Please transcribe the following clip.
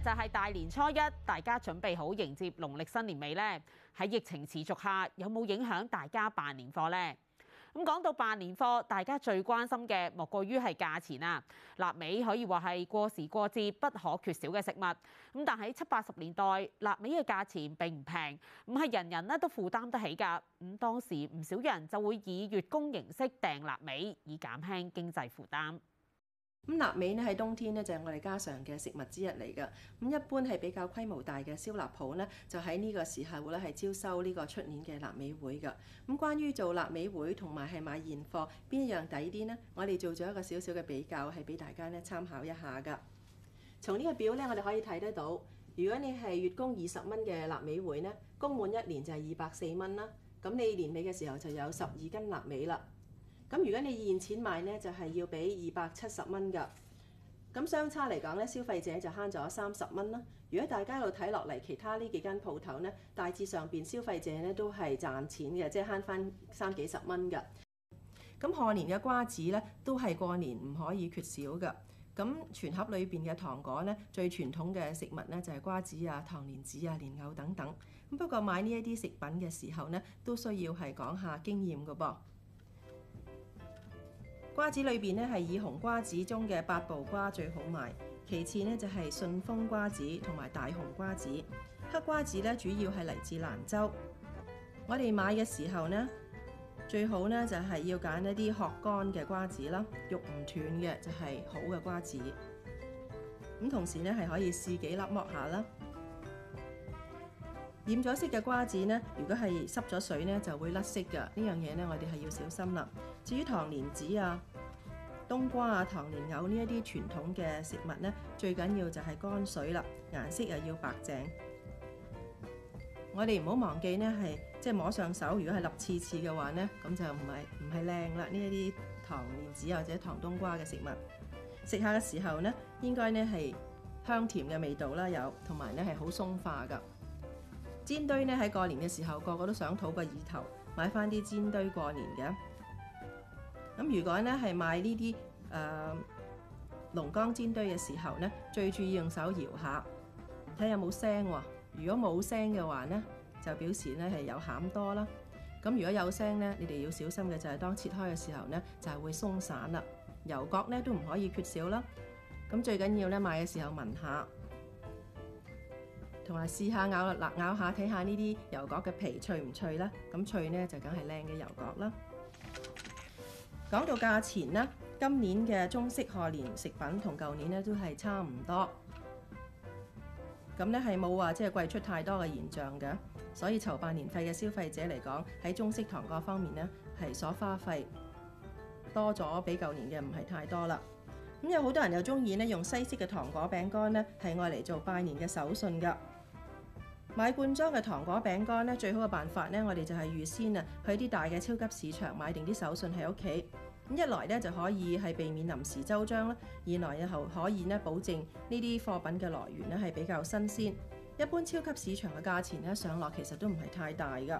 就係大年初一，大家準備好迎接農曆新年未呢？喺疫情持續下，有冇影響大家辦年貨呢？咁講到辦年貨，大家最關心嘅莫過於係價錢啊！臘味可以話係過時過節不可缺少嘅食物。咁但喺七八十年代，臘味嘅價錢並唔平，唔係人人呢都負擔得起㗎。咁當時唔少人就會以月供形式訂臘味，以減輕經濟負擔。咁臘味咧喺冬天咧就係、是、我哋家常嘅食物之一嚟噶。咁一般係比較規模大嘅燒臘鋪咧就喺呢個時候咧係招收呢個出年嘅臘味會噶。咁關於做臘味會同埋係買現貨邊一樣抵啲呢？我哋做咗一個少少嘅比較係俾大家咧參考一下噶。從呢個表咧我哋可以睇得到，如果你係月供二十蚊嘅臘味會咧，供滿一年就係二百四蚊啦。咁你年尾嘅時候就有十二斤臘味啦。咁如果你現錢買呢，就係要俾二百七十蚊噶。咁相差嚟講呢，消費者就慳咗三十蚊啦。如果大家度睇落嚟，其他呢幾間鋪頭咧，大致上邊消費者呢都係賺錢嘅，即係慳翻三幾十蚊嘅。咁賀年嘅瓜子呢，都係過年唔可以缺少嘅。咁全盒裏邊嘅糖果呢，最傳統嘅食物呢，就係瓜子啊、糖蓮子啊、蓮藕等等。不過買呢一啲食品嘅時候呢，都需要係講下經驗嘅噃。瓜子裏邊咧係以紅瓜子中嘅八寶瓜最好賣，其次咧就係順豐瓜子同埋大紅瓜子。黑瓜子咧主要係嚟自蘭州。我哋買嘅時候咧，最好咧就係要揀一啲殼乾嘅瓜子啦，肉唔斷嘅就係好嘅瓜子。咁同時咧係可以試幾粒剝下啦。染咗色嘅瓜子呢，如果係濕咗水呢，就會甩色㗎。呢樣嘢呢，我哋係要小心啦。至於糖蓮子啊、冬瓜啊、糖蓮藕呢一啲傳統嘅食物呢，最緊要就係乾水啦，顏色又要白淨。我哋唔好忘記呢，係即係摸上手，如果係立次次嘅話呢，咁就唔係唔係靚啦。呢一啲糖蓮子或者糖冬瓜嘅食物食下嘅時候呢，應該呢係香甜嘅味道啦，有同埋呢係好鬆化㗎。煎堆咧，喺過年嘅時候，個個都想討個意頭，買翻啲煎堆過年嘅。咁如果咧係買呢啲誒龍江煎堆嘅時候咧，最注意用手搖下，睇有冇聲喎。如果冇聲嘅話咧，就表示咧係有餡多啦。咁如果有聲咧，你哋要小心嘅就係當切開嘅時候咧，就係會鬆散啦。油角咧都唔可以缺少啦。咁最緊要咧買嘅時候聞下。同埋試下咬喇，咬下睇下呢啲油角嘅皮脆唔脆啦，咁脆呢，就梗係靚嘅油角啦。講到價錢呢，今年嘅中式賀年食品同舊年呢都係差唔多，咁呢係冇話即係貴出太多嘅現象嘅，所以籌辦年費嘅消費者嚟講，喺中式糖果方面呢係所花費多咗比舊年嘅唔係太多啦。咁有好多人又中意呢用西式嘅糖果餅乾呢，係愛嚟做拜年嘅手信㗎。買罐裝嘅糖果餅乾咧，最好嘅辦法咧，我哋就係預先啊去啲大嘅超級市場買定啲手信喺屋企。咁一來咧就可以係避免臨時周章啦，二來以後可以咧保證呢啲貨品嘅來源咧係比較新鮮。一般超級市場嘅價錢咧上落其實都唔係太大㗎。